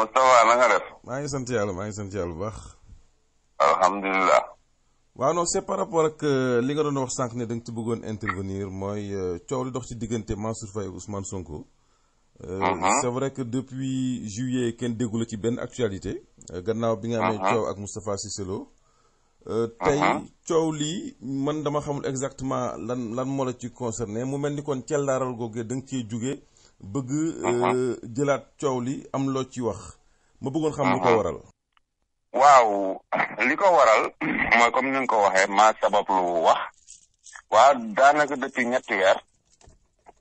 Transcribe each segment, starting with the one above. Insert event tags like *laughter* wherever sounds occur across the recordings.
Moustapha na nga def. maa ngi sant yàlla maa ngi sant bu baax. alhamdulilah. waaw non c'est par rapport ak euh, li nga doon wax sànq ne da nga ci bëggoon intervenir mooy euh, coow li dox ci diggante Mansour Faye Ousmane Sonko. Euh, mhm. c'est vrai que depuis juillet kenn déggu ci benn actualité. gannaaw bi nga amee mhm. coow ak Moustapha Cissé Lo. tey mhm. coow lii man dama xamul exactement lan lan moo ci concerné mu mel ni kon cellaaral googee da nga cee jugee. bëgg mhm. euh, jëlaat coow li am loo ci wax ma bëggoon xam li ko mhm. waral waaw li ko waral mooy comme ni nga ko waxee maa sabab lu wax waa daanaka depuis ñetti weer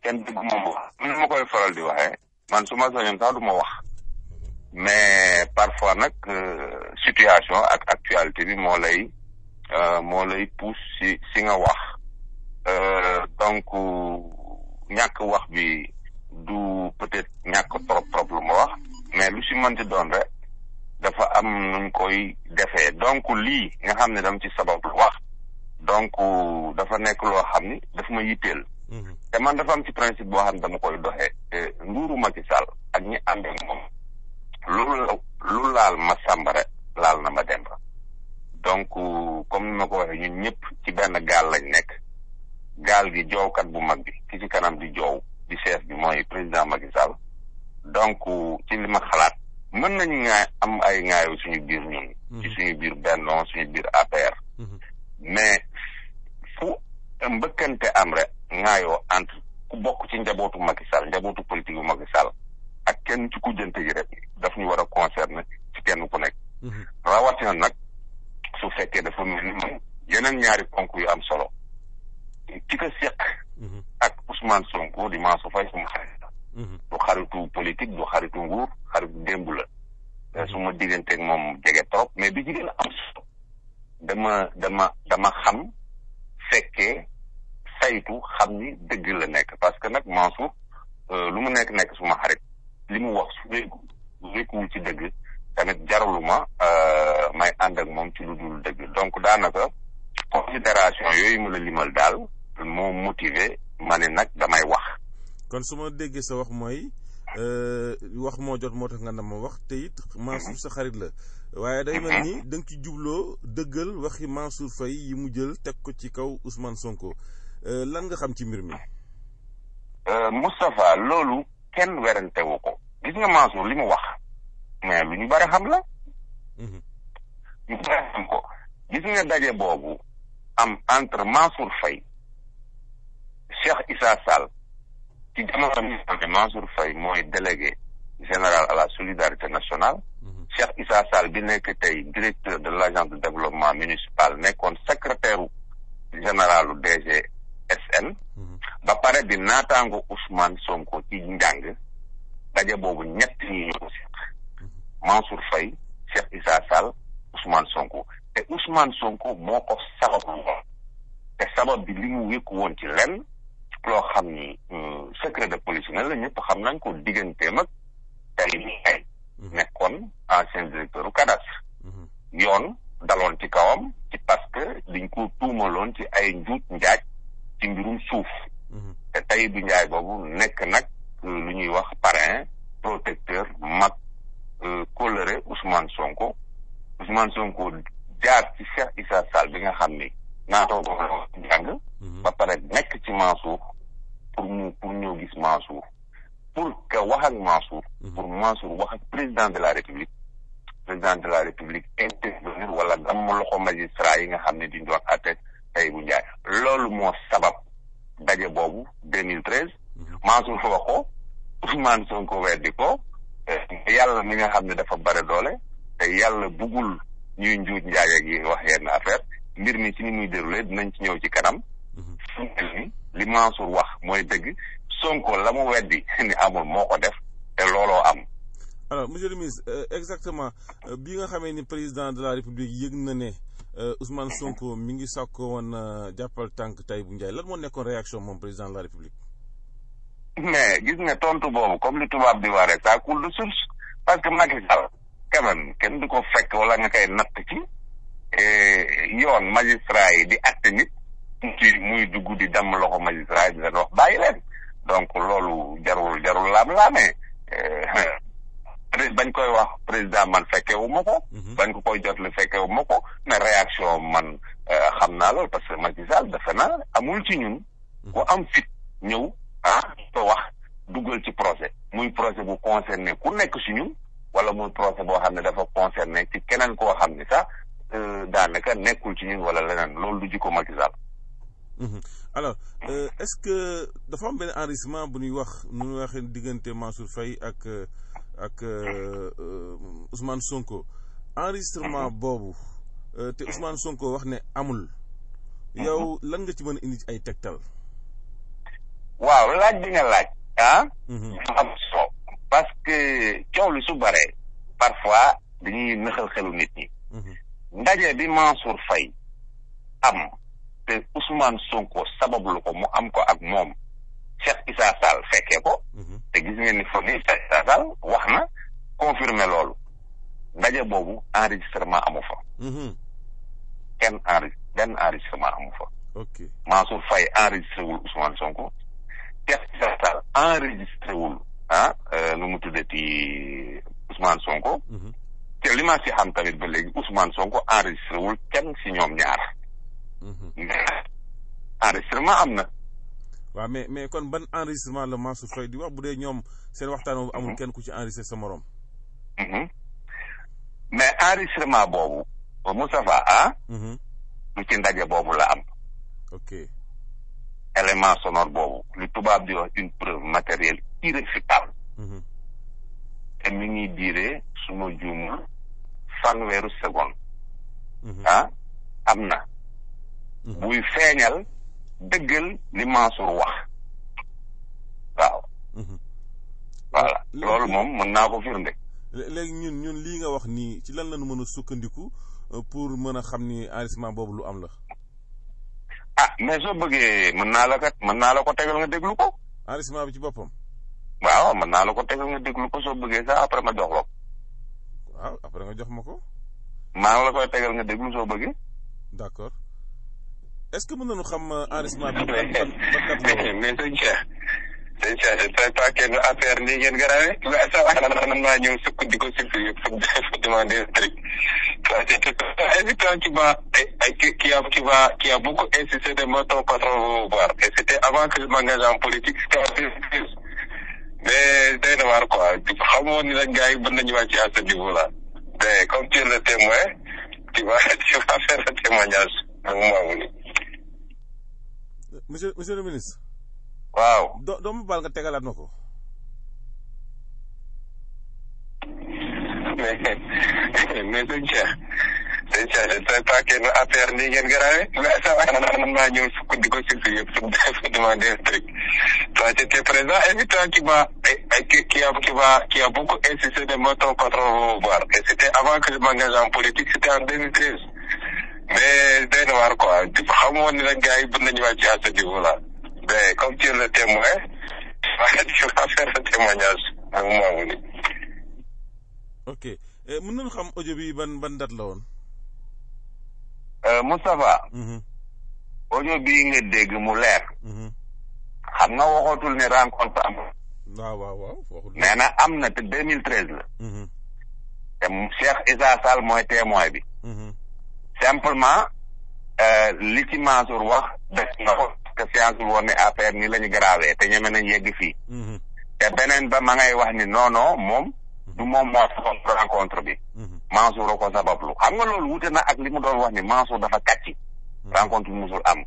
kenn dégg moom wax ni ma koy faral di waxee man su ma sañoon sax du wax mais parfois nag euh, situation ak actualité bi moo lay euh, moo lay pousse si si nga wax donc ñàkk wax bi du peut-être ñàkk trop trop lu ma wax mais lu si doon rek dafa am nuñ koy defee donc lii nga xam ne dama ci sabab lu wax donc dafa nekk loo xam ne dafa ma yitteel mhm. te man dafa am ci principe boo xam ne dama koy doxee nguuru Macky Sall ak ñi ànd ak moom lu laal ma sàmba rek laal na ma demba donc comme ni ma ko waxee ñun ñëpp ci benn gaal lañ nekk gaal gi joowkat bu mag bi ki ci kanam di joow di chef bi mooy président Macky Sall donc ci li ma xalaat mën nañu ŋaay am ay ŋaayu suñu biir ñun. Mhm. ci suñu biir Benno suñu biir APR. Mhm. mais fu mbëkkante am rek ŋaayoo entre ku bokk ci njabootu Macky Sall njabootu politique bu Macky Sall ak kenn ci kujjante yi rek daf ñu war a ci kenn ku nekk. Mhm. rawatina nag su fekkee dafa mel ni moom yeneen ñaari ponk yu am solo ki ko seq. Mm-hmm. ak Ousmane Sonko di Mansour Faye suma xarit la mm-hmm. xaritu politique du xaritu nguur xaritu démb la mm-hmm. suma digganteeg moom jege trop mais bi jigéen am solo dama dama xam fekkee saytu xam ni dëgg la nekk parce que nag Mansour euh, lu mu nekk nekk suma xarit li mu wax su wéeku wéekuwul ci dëgg tamit jaraluma euh, may ànd ak moom ci lu dul dëgg donc daanaka considération yooyu mu la limal daal moo motivé ma ne nag damay wax. kon su ma déggee sa wax mooy euh, wax moo jot moo tax nga na wax te it. Mansour sa xarit la. waaye day mel ni dang nga ci jubloo dëggal waxi Mansour Faye yi mu jël teg ko ci kaw Ousmane Sonko euh, lan nga xam ci mbir mi. Euh, Moustapha loolu kenn werantewu ko. gis nga Mansour li mu wax. mais lu ñu bari xam la. Mhm. ñu gis nga daje boobu am entre Mansour Faye Cheikh Issa Sall ci jamono mi xam ne Mansour mooy délégué général à la solidarité nationale mhm. Cheikh Issa Sall bi nekk tey directeur de l' agence de développement municipal nekkoon secrétaire généralu DGSN mhm. ba pare di naataango Ousmane Sonko ci njàng daje boobu ñett ñi ñoo seq mhm. Mansour Faye Cheikh Issa Sonko te Ousmane Sonko moo ko sabab te sabab bi li mu woon ci lenn loo xam ni mm, secret de polichinelle la ñëpp xam nañ ko digganteem ak Karim Ndiaye nekkoon ancien directeur u cadastre yoon daloon ci kawam ci parce que liñ ko tuumaloon ci ay njuut njaaj ci mbirum suuf te tey bu njaay boobu nekk nag lu ñuy wax parrain ¿eh? protecteur mag kóllëre eh, Ousmane Sonko Ousmane Sonko jaar ci Cheikh Issa Sall bi nga xam ni naatoo ko jàng mhm. ba pare nekk ci Mansour pour mu pour ñëw gis Mansour pour que wax ak Mansour mhm. pour Mansour wax ak président de la République président de la République intervenir wala gam loxo magistrat yi nga xam ne di doon atte tey bu njaay loolu moo sabab daje boobu deux mille treize mhm. Mansour wax ko yàlla mi nga xam ne dafa bare doole te yàlla bugul ñuy njuuj njaay ak wax yenn affaire mbir mi ci ni muy déroulé dinañ ci ñëw ci kanam. Mhm. fu ni li Mansour wax mooy dëgg Sonko la mu weddi *laughs* ni amul moo ko def te looloo am. alors monsieur le ministre euh, exactement euh, bi nga xamee ni président de la république yëg na ne euh, Ousmane Sonko mi ngi sàkko woon jàppal tànk Tahibou Ndiaye lan moo nekkoon réaction moom président de la république. mais gis nga tontu boobu comme li tubaab di wax rek ça coule de parce que Macky Sall quand même kenn du ko fekk wala nga koy natt ci. Eh, yoon magistrat yi di atte nit muy dugg di damm loxo magistrat yi di leen wax bàyyi leen donc loolu jarul jarul laam-laamee eh, *laughs* bañ koy wax président man fekkewu ko mhm. bañ ko koy jotlu fekkewu ma ko mais réaction man eh, xam naa loolu parce que Macky Sall defe na amul ci ñun mhm. ku am fit ñëw ah ko wax duggal ci projet muy projet bu concerné ku nekk si ñun wala muy projet boo xam ne dafa concerné ci keneen koo xam ne sax Euh, daanaka nekkul ci ñun wala leneen loolu du jikko Macky Sall mhm. alors euh, est-ce que dafa am benn enrichissement bu ñuy wax nu ñuy waxee diggante Mansour Faye ak ak euh, euh, Ousmane Sonko enregistrement mhm. boobu te Ousmane Sonko wax ne amul. Mhm. yow lan nga ci mën a indi ay tegtal. waaw laaj bi nga laaj. ah. am solo parce que coow lu su bare parfois dañuy nëxal xelu nit ñi. ndaje bi Mansour fay am te Ousmane Sonko sabablu ko mu am ko ak moom Cheikh Issa Sall fekkee ko mhm. te gis ngeen fo ni Cheikh Issa Sall wax na confirmer loolu ndaje boobu enregistrement amu fa mhm. kenn enregistré benn enregistrement amu fa Mansour Faye enregistré wul Ousmane Sonko Cheikh Issa Sall enregistré wul ah euh, nu mu tuddati Ousmane Sonko mhm. te li ma si xam tamit ba léegi Ousmane Sonko enregistré wul kenn si ñoom ñaar. Mhm. enregistrement am na. waa mais mais kon ban enregistrement la Mansour Faye di wax bu dee ñoom seen waxtaan boobu amul mhm. kenn ku ci enregistré sa morom. Mhm. mais enregistrement boobu ba Moustapha ah. lu ci ndaje boobu la am. ok élément sonore boobu lu tubaab di wax une preuve matérielle irréfutable. te mi ngi diire suma ma juuma fanweeru seconde mhm. ah am na mhm. buy feeñal dëggal li Mansour wax waaw mhm. voilà loolu moom mën naa ko firnde léegi ñun ñun lii nga wax nii ci lan lañu mën a sukkandiku euh, pour mën a xam ni enregistrement boobu lu am la ah mais soo bëggee mën naa la kat mën naa la ko tegal nga déglu ko enregistrement bi ci boppam waaw mën naa la ko tegal nga déglu ko soo bëggee sax après ma jox la waaw après nga jox ma ko. maa la koy tegal nga déglu soo bëggee. d' accord est ce que mën nañu xam euh, enregistrement bi. *laughs* mais sëñ Cheikh. sëñ Cheikh c'est très ngeen garaawee. mais sa wax na man maa ñëw sukk di ko sukk yëpp pour ce que eh, eh, quand a qui va qui de moi ton patron va voir et c'était avant que je politique mais day na waar quoi xamoon ni nag gars yi mën nañu wàcc à ce niveau là. mais comme tu es le témoin tu vas *laughs* tu vas faire le témoignage ak Mamouni. monsieur monsieur le ministre. waaw. doo doo ma baal nga tegalaat ma ko. *laughs* mais *laughs* mais sëñ tey saa yi dañ koy kenn affaire nii ngeen garaawee mais ça va man maa ñëw sukkandiku si si yëpp pour pour demander un truc. toi tu étais présent et puis toi qui va qui qui a qui va qui a beaucoup insisté de mettre ton patron au pouvoir et c' était avant que je m'engage en politique c' était en 2013. mais day na waar quoi xamoon ne nag gars yi mën nañu wàcc à ce niveau là. mais comme tu es le témoin maa *laughs* ngi faire le témoignage ak Mamouni. ok euh, mën nañu xam audio bi ban ban date la woon. Euh, Moustapha. Mm-hmm. audio bii nga dégg mu leer. Mm-hmm. xam nga waxatul ne rencontre am. na am na te 2013 la. Mm-hmm. te Cheikh Issa Sall mooy témoin bi. simplement euh, li ci Mansour wax def ko te science woon ne affaire ni la ñu gravé te ñeme nañ yegg fii. te beneen ba ma ngay wax ni non moom du moom moo rencontre bi. Mansour ko sabablu xam nga loolu wute na ak li mu doon wax ni Mansour dafa kàcci hmm. rencontre musul am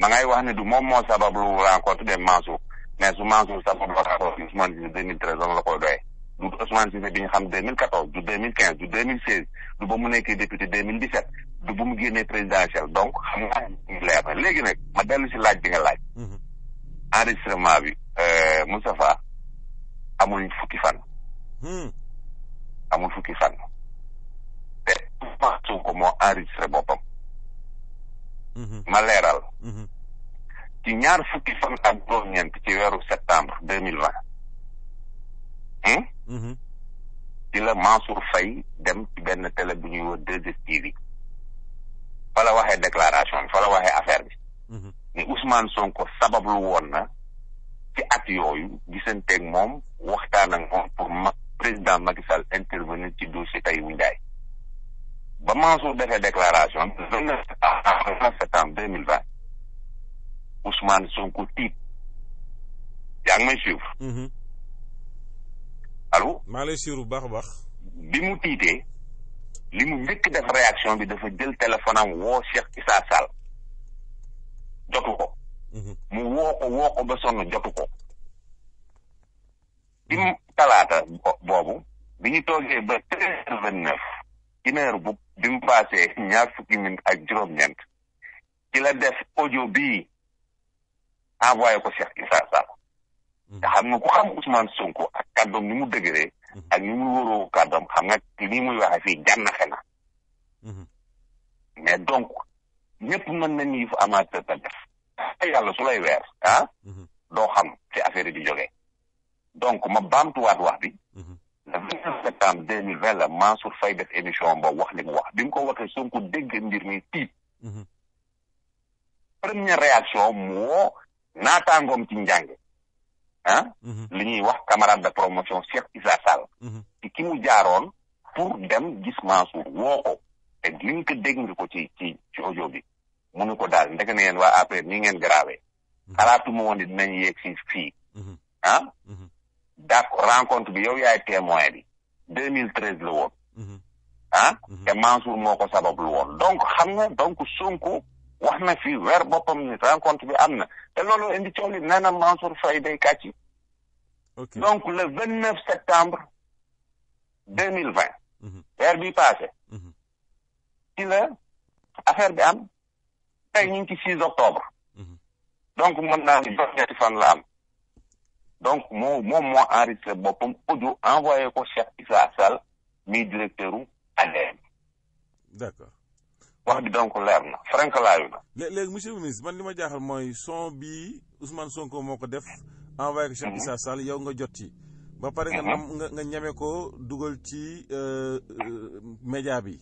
ma ngay wax ne du moom moo sabablu rencontre de Mansour mais su Mansour sabablu rencontre bi Ousmane Cissé 2013 la ko doyee du Ousmane Cissé bi ñu xam 2014 du 2015 du 2016 du ba mu nekkee député 2017 du bu mu génnee présidentielle donc xam nga leer na léegi nag ma dellu si laaj bi nga laaj. Hmm. enregistrement bi euh, Moustapha amul fukki fan. Hmm. amul fukki Ousmane Sonko moo enregistré boppam. Mhm. ma leeral. Mhm. ci ñaar fukki fan ak juróom-ñeent ci weeru septembre deux mille vingt. Hmm? Mhm. ci la Mansour Faye dem ci benn télé bu ñuy woo 2STV fa la waxee déclaration bi fa la affaire bi. ni Ousmane Sonko sabablu woon na ci at yooyu gisanteeg moom waxtaan ak moom pour ma président Macky Sall intervenir ci dossier Tahirou Ndiaye. ba Mansour defee déclaration vingt neuf septembre deux mille vingt Ousmane Sonko tiit yaa ngi may suivre mhm. allo maa bu baax baax bi mu tiitee li mu njëkk def réaction bi dafa jël téléphone am woo Cheikh Issa Sall jotu ko mhm. mu woo ko ba sonn jotu ko bi mu talaata boobu bi ñu toogee ba treize vingt neuf une heure bu bi mu paasee ñaar fukki minute ak juróom-ñeent ci la def audio bi envoyé ko Cheikh Issa Sall nga mm-hmm. xam nga ku xam Ousmane Sonko ak kàddoom ni mu dëgëree mm-hmm. ak ni muy wóoroo kàddoom xam nga lii muy waxee fii jànnaxe na mm-hmm. mais donc ñëpp mën nañu amaa amateur la def yàlla su lay weer ah? doo xam ci affaire yi di jógee donc ma baamtuwaat wax bi dafa ñëw septembre deux Mansour Faye def émission boobu wax li mu wax bi mu ko waxee Sonko dégg mbir mi tiit. Mhm. première réaction moo naataangoom ci njànge ah. Mhm. li ñuy wax camarade de promotion Cheikh Issa mhm. ki mu jaaroon pour dem gis Mansour woo ko li ñu ko dégg nga ko ci ci ci audio bi mu ne ko daal ndeke na ngeen waa après ni ngeen garaawee. xalaatuma woon ne dinañ yegg si fii ah. d'accord rencontre bi yow yaay témoin bi 2013 la woon. Mhm. ah mhm. te Mansour moo ko sabablu woon donc xam nga donc Sonko wax na fi weer boppam ni rencontre bi am na te loolu indi coow li nee na Mansour Faye day kàcci. donc le vingt neuf septembre deux mille vingt. Mhm. weer bi passé. ci la affaire bi am octobre. donc mën naa ni fan la am. donc moo moom moo enregistré boppam audio envoyé ko Cheikh Issa Sall mi directeur u ADM. d'accord wax bi donc leer na frank laayu na. léegi monsieur le ministre man li ma jaaxal mooy son bii Ousmane Sonko moo ko def. envoyé ko Cheikh mhm. Issa Sall yow nga jot ci. ba pare nga mhm. nga nga ñeme ko dugal ci euh, euh, média bi.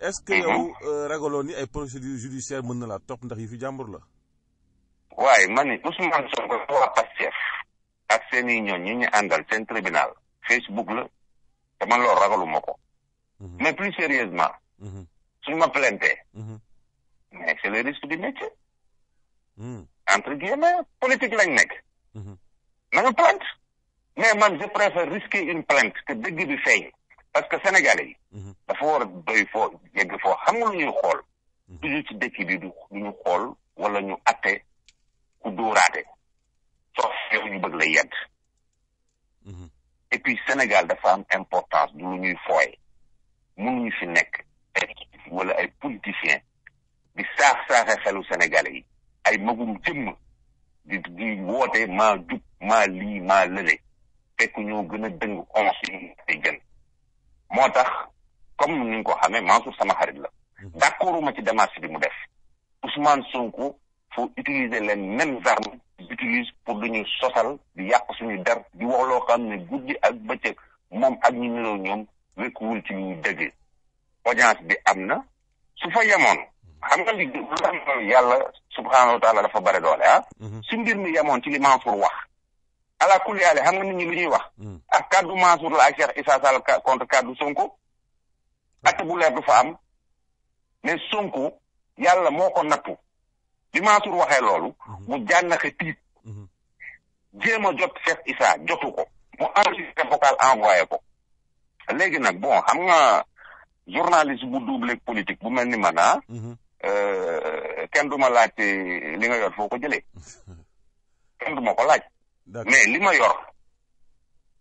est-ce que mhm. yow euh, ragaloo ni ay procédures judiciaires mën na laa topp ndax yi fi jàmbur la. waaye man ni Ousmane Sonko waa Pastef seen i ñooñ ñi ñu àndal seen tribunal Facebook la te man loolu ragaluma ko mhm. mais plus sérieusement mhm. suñu ma plainté mhm. mais c'est le risque du métier entre guillemets politique lañ nekk nañu plainte mais man je préfère risquer une plainte que dëgg bi feeñ parce que sénégalais yi dafa war doy foo yegg foo xam ñuy xool toujours ci dëkk bi du ñu xool walla ñu atte ku dóoraate sauf yow bëgg la yedd mhm. et puis Sénégal dafa am importance du lu ñuy fooye mënuñu fi nekk ay ay politiciens di saax saaxe xelu Sénégalais yi ay magum jëmm di di woote maa jub maa lii maa lële fekk ñoo gën a dëng onze ay gën moo tax comme ni nga ko xamee Mansour sama xarit la mhm. d' ci démarche bi mu def Ousmane Sonko faut utiliser les mêmes armes utilise pour duñu sosal di yàq suñu der di wax loo xam ne guddi ak bëccëg moom ak ñu niroo ñoom wékkuwul ci ñu dëgg audience bi am na su fa yemoon xam nga li lu tax yàlla subhaanahu wa bare doole ah mhm. su mbir mi yemoon ci li Mansour wax ala kulli aale xam nga nit ñi lu ñuy wax mhm. ak kàddu Mansour la ak Cheikh Issa Sall kàddu Sonko at bu leer du fa am mais Sonko yàlla moo ko nattu bi waxee loolu mhm. mu jànnaxe tiit jéem a jot Cheikh Issa jotu ko mu enregistré vocal envoyé ko léegi nag bon xam nga journaliste bu double politique bu mel ni man ah mhm. euh, kenn du ma laaj li nga yor foo ko jëlee *laughs* kenn duma ko laaj mais li ma yor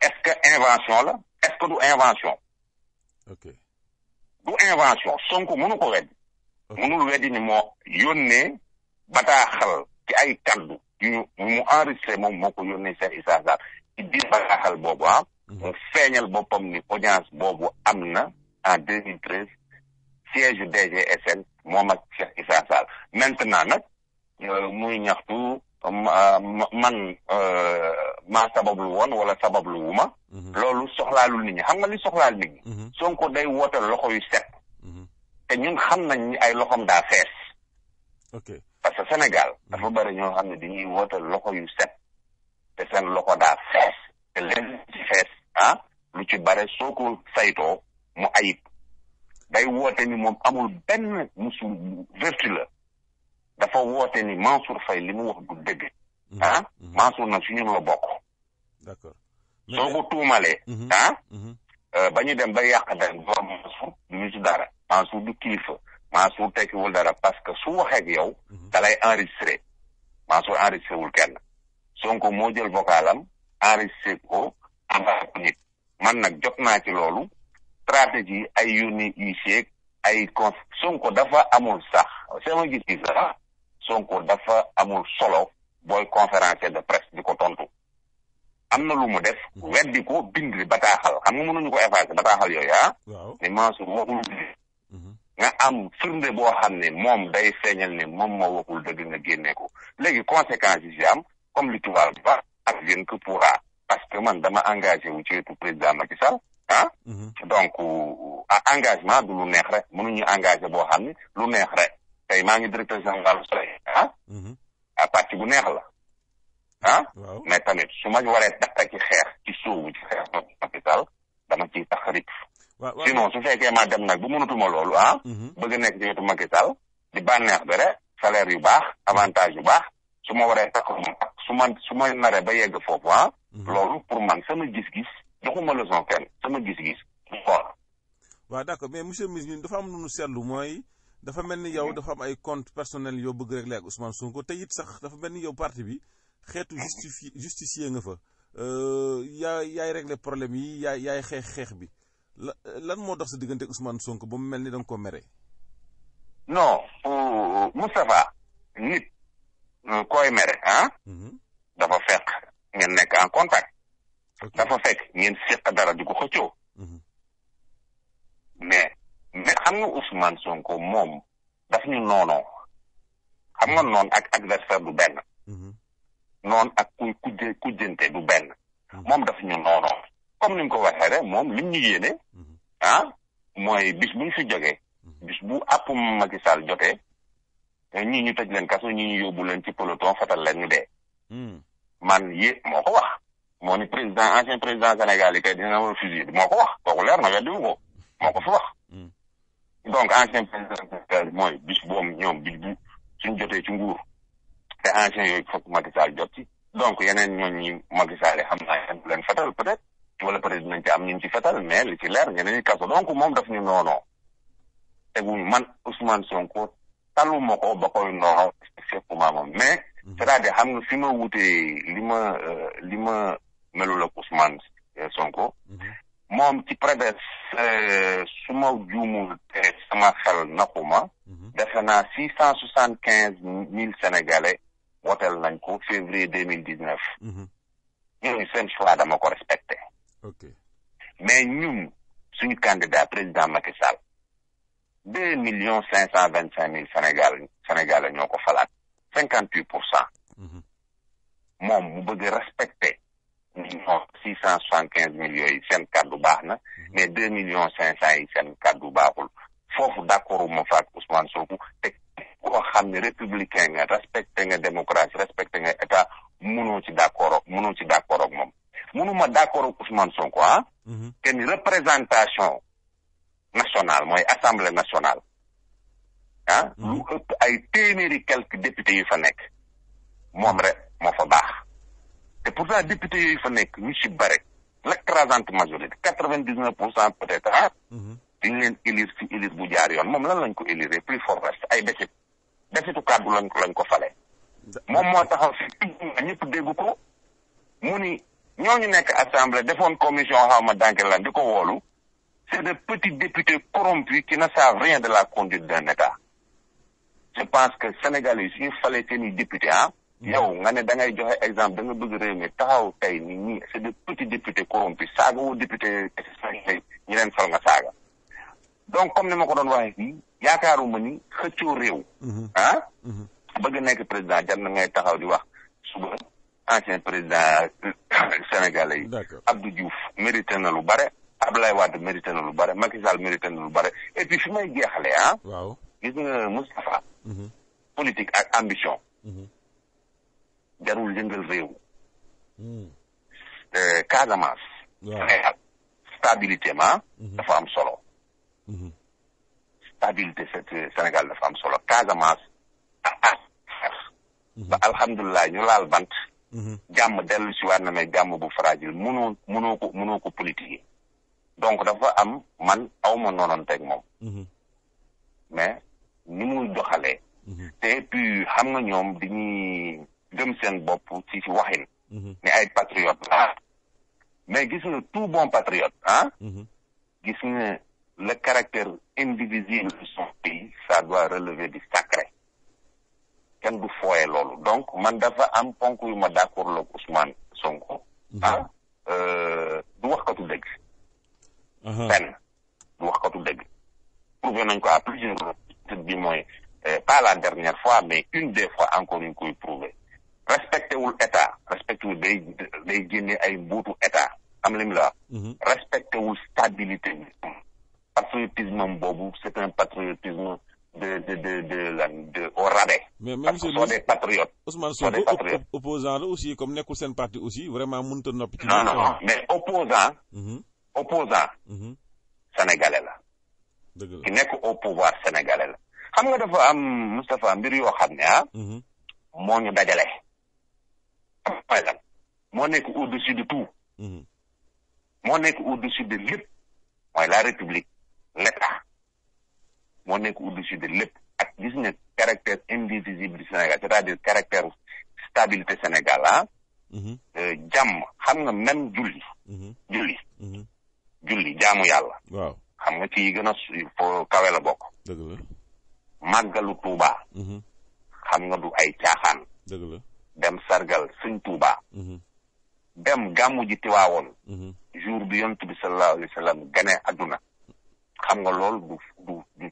est-ce que invention la est-ce que du invention ok du invention Sonko mënu ko weddi mënul weddi ni moo yónnee bataaxal ci ay kaddu ñu mu enregistré moom moo ko yónnee Cheikh Issa Sarr ci biir bataaxal boobu ah. Mhm. mu feeñal boppam ni audience boobu am na en deux mille treize siège yu DGSN moom ak Cheikh Issa Sarr maintenant nag euh, muy ñaxtu man euh, maa sabablu woon wala sabablu wu ma. Mhm. loolu soxlaalu nit ñi xam na li soxlaal nit ñi. Mhm. Sonko day woote loxo yu set. te ñun xam nañ ni ay loxom daa fees. Sénégal mm-hmm. dafa bari ñoo xam ne di dañuy woote loxo yu set te seen loxo daa fees te leen ci fees ah lu ci bare soo ko saytoo mu ayib day woote ni moom amul benn musu vertu la dafa woote ni Mansour Faye li mu wax du dëgg mm-hmm. ah mm-hmm. Mansour nag su ñun la bokk d'accord soo ko tuumalee ah euh, ba ñu dem ba yàq dem doom Mansour du kilifa Mansour tekkiwul dara parce que su waxee ak yow mhm. da lay enregistré Mansour enregistré wul kenn Sonko moo jël vocalam enregistré ko ko man nag jot naa ci loolu stratégie ay yónni yu seeg ay conf Sonko dafa amul sax sama gis-gis Sonko dafa amul solo booy conférence de presse di ko tontu am na lu mu def mhm. weddi ko bind bataaxal xam nga ñu ko effacer bataaxal yooyu ah. waaw mais Mansour waxul nga am firnde boo xam ne moom day feeñal ne moom moo waxul dëgg nga génne ko léegi conséquence yi si am comme li tubaab ba ak yéen que pourra parce que man dama engagé wu ci wetu président Macky Sall ah. Mhm. donc euh, engagement du lu neex rek mënuñu engagé boo xam ne lu neex rek tey maa ngi directeur général Soleil ah. Mhm. à parti bu neex la ah. mais tamit su ma waree tax ci xeex ci sóobu ci xeex Macky Sall dama ciy tax a waaw waaw sinon su fekkee ma dem nag bu mënatuma loolu ah. Mhm. bëgg nekk ci wetu Macky Sall di bànneex bi rek yu baax avantage yu baax su ma waree takk su ma su ma naree ba yegg foofu ah. Mhm. loolu pour man sama gis-gis joxuma leçon kenn sama gis-gis du xool. waaw mais monsieur le ministre dafa am lu ñu seetlu mooy. dafa mel ni yow dafa am ay compte personnel yoo bëgg rek la ak Ousmane Sonko te it sax dafa mel ni yow parti bi xeetu justifié justicier nga fa euh, yaay yaay régler problème yi yaay yaay xeex xeex bi. la lan moo dox sa diggante Ousmane Sonko ba mu mel ni da nga ko mere. non euh, Moustapha nit euh, koy mere ah. dafa fekk ngeen nekk en contact. dafa fekk ngeen seq dara di ko xëccoo. Mhm. mais mais xam nga Ousmane Sonko moom daf ñu noonoo xam nga noon ak adversaire du benn. Mhm. noon ak kuy kujje kujjante du benn. moom daf ñu noonoo. comme ni ko waxee rek moom lim ñu yéene mhm. ah mooy bis buñ fi jógee mhm. bis bu àpp Macky Sall jotee ñii ñu tëj leen kaso ñii ñu yóbbu leen ci peloton fatal leen ñu dee. Hmm. man yé moo ko wax moo ni président ancien président Sénégal yi tey dina war a fusillé moo ko wax kooku leer na weddi wu ko moo ko fi wax. Hmm. donc ancien président Sénégal mooy bis boobu ñoom bis bu suñ jotee ci nguur te ancien yooyu fokk Macky Sall jot ci donc yeneen ñooñu Macky Sall yi xam naa leen fatal peut wala peut être dinañ ci am ñu ci fetal mais li ci leer ñeneen ñi kaso donc moom daf ñu noonoo teguñu e man Ousmane Sonko talu ko ba koy noonoo sekkuma moom mais c'est-à-dire xam nga fi ma wutee li ma li ma melul ak Ousmane ci PREDES su ma juumul te sama xel naxuma defe naa six cent soixante quinze mille sénégalais woteel nañ ko février deux mille dix neuf mhm. ñooñu seen choix dama ko respecté ok mais ñun suñu candidat président Macky Sall deux millions cinq cent vingt cinq mille Sénégal Sénégal ñoo ko falaat cinquante huit pour cent mhm. moom mu bëgg respecté million six cent soixante quinze mille yooyu seen kàddu baax na mhm. mais deux millions cinq cent yi seen kàddu baaxul foofu d'accord ma faak Ousmane Sonko te koo xam ne républicain nga respecté nga démocratie respecté nga état mënoo ci d'accord ak mënoo ci d'accord moom ma d'accord ak Ousmane Sonko ah. te mhm. ni représentation nationale mooy assemblée nationale. ah mhm. lu ëpp ay téeméeri quelques députés yu fa nekk moom mhm. rek moo fa baax te pourtant députés yooyu fa nekk ñu si bare l'écrasante majorité quatre-vingt-dix-neuf pour cent peut-être ah dañ leen élire si élire bu jaar yoon moom lan lañ ko élire plus fort reste ay desit desitu kàddu lañ ko lañ ko fale moom moo taxaw si ñëpp dégg ko mu ni ñoo ñooñu nekk assemblée defoon commission xaw ma dànk lan di ko woolu c'est de petits députés corrompus qui ne savent rien de la conduite d'un État je pense que Sénégal yi suñu falee seen i député ah mm. yow nga ne da ngay joxe exemple danga bëgg réew mi taxaw tey ni ñi c'est de petits députés corrompus saaga woo député ñi leen fal nga saaga donc comme ni ma ko doon waxe fii yaakaaruma ni xëccoo réew ah bëgg nekk président jar na ngay taxaw di wax suba ancien président euh, *coughs* sénégalais yi. Abdou na lu bare. Abdoulaye Wade mérité na lu bare Macky Sall mérité na lu bare et puis fi may jeexalee ah. gis nga Moustapha. Mhm. politique ak ambition. Mhm. jarul yëngal réew. Mhm. Casamance. stabilité ma. dafa am solo. stabilité euh, Sénégal dafa am solo Casamance. ba alhamdulilah ñu laal bant. jàmm dellu si waat ne jàmm bu fragile mënoo mënoo ko mënoo ko politique donc dafa am man aw ma noonoonteeg moom. Mhm. mais ni muy doxalee. Mhm. te puis xam nga ñoom dañuy dem seen bopp ci ci waxin. Mhm. ne ay patriote la mais gis nga tout bon patriote ah. gis nga le caractère indivisible de son pays ça doit relever du sacré. kenn du fooye loolu donc man dafa am ponk yu ma d'accord loog Ousmane Sonko mhm. ah euh, du wax katu dëgg benn du wax katu dëgg prouvé nañ ko à plusieurs reprises bi euh, la dernière fois mais une des fois koy prouvé respecté wul état respecté day day génne ay mbuutu état am lim la mhm. respecté stabilité bi boobu c'est un de de de de de au rabais. mais même si sont des patriotes. Ousmane Sonko opposant la aussi comme nekkul seen parti aussi vraiment mënut a noppi. ci non non mais opposant mhm. opposant mhm. la. dëgg la ki nekk au pouvoir sénégalais la. xam nga dafa am Moustapha mbir yoo xam ne ah. Mhm. moo ñu dajale. moo nekk au-dessus de tout. moo nekk au-dessus de lépp mooy la république l' moo nekk au-dessus de lépp ak gis nga caractère indivisible du Sénégal c'est-à-dire caractère stabilité Sénégal ah mhm. euh, jàmm xam nga même julli mhm. Mhm. julli jaamu yàlla waaw xam nga ci gën a fo kawe la bokk dëgg la màggalu Tuubaa xam nga du ay caaxaan dëgg la dem sargal sëñ Tuubaa dem gàmmu ji tiwaawoon jour bi yontu bi sallallahu alayhi wa gane adduna xam nga lool du du du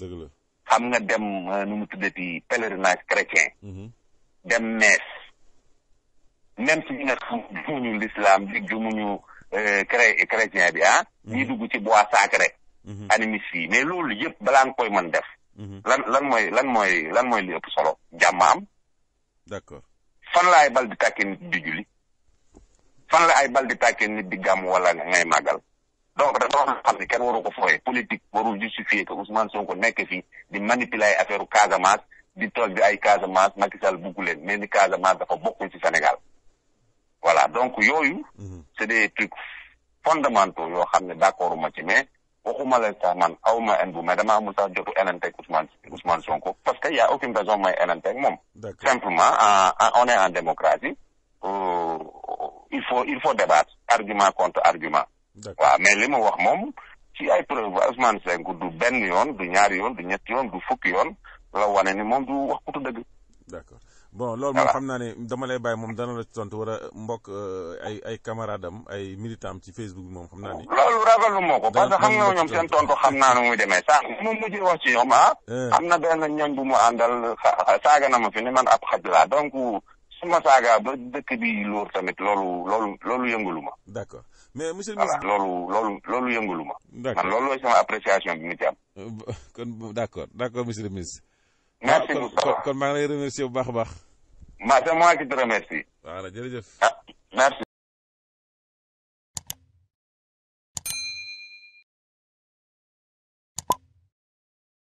dëgg la xam nga dem euh, nu mu tuddati pèlerinage chrétien. Mhm. dem mees même si ñi nga xam juuñu l'islam di jumuñu euh, cré chrétien bi ah. Mhm. ñi dugg ci bois sacré. Mhm. animiste yi mais loolu yëpp balaa nga koy mën def. lan lan mooy lan mooy li ëpp solo jàmm am fan la ay bal di tàkkee nit di julli fan la ay bal di tàkkee nit di gàmm wala ngay màggal. donc dafa wax xam ne kenn waru ko fooye politique warul justifier que Ousmane Sonko nekk fii di manipuler ay affaire Casamance di toog di ay Casamance Macky Sall bugg leen mais ni Casamance dafa bokkul ci Sénégal voilà donc yooyu mhm. c'est des trucs fondamentaux yoo xam ne d'accord ma ci mais waxuma la sax man awma en bu mais dama amul sax jotu enante ak Ousmane Ousmane Sonko parce que y a aucune may enante moom simplement en est en démocratie euh, il faut il faut débattre argument contre waaw mais li ma wax moom ci ay preuve Ousmane Sonko du benn yoon du ñaar yoon du ñetti yoon du fukk yoon la wane ni moom du wax kutu dëgg. d'accord bon loolu moom xam naa ne dama lay bàyyi moom dana la ci tontu war a mbokk euh, ay ay camarade ay militant am ci Facebook bi moom xam naa ni. loolu ragalu moo ko parce que xam nga ñoom seen tontu xam naa nu muy demee saa mu mujjee wax ci ñoom ah. Eh. am na benn ñoñ bu mu àndal saaga na ma fi ni man ab xaj laa donc su ma saaga ba dëkk bi lóor tamit loolu loolu loolu yëngalu ma. d'accord. mais monsieur le ah ministre loolu loolu loolu yëngalu ma. d'accord man loolu mooy sama appréciation bi mu ci am. Euh, kon d'accord d'accord monsieur le merci ah, kon maa ngi lay remercier bu baax a baax. ma c'est moi qui te remercie. voilà jërëjëf. ah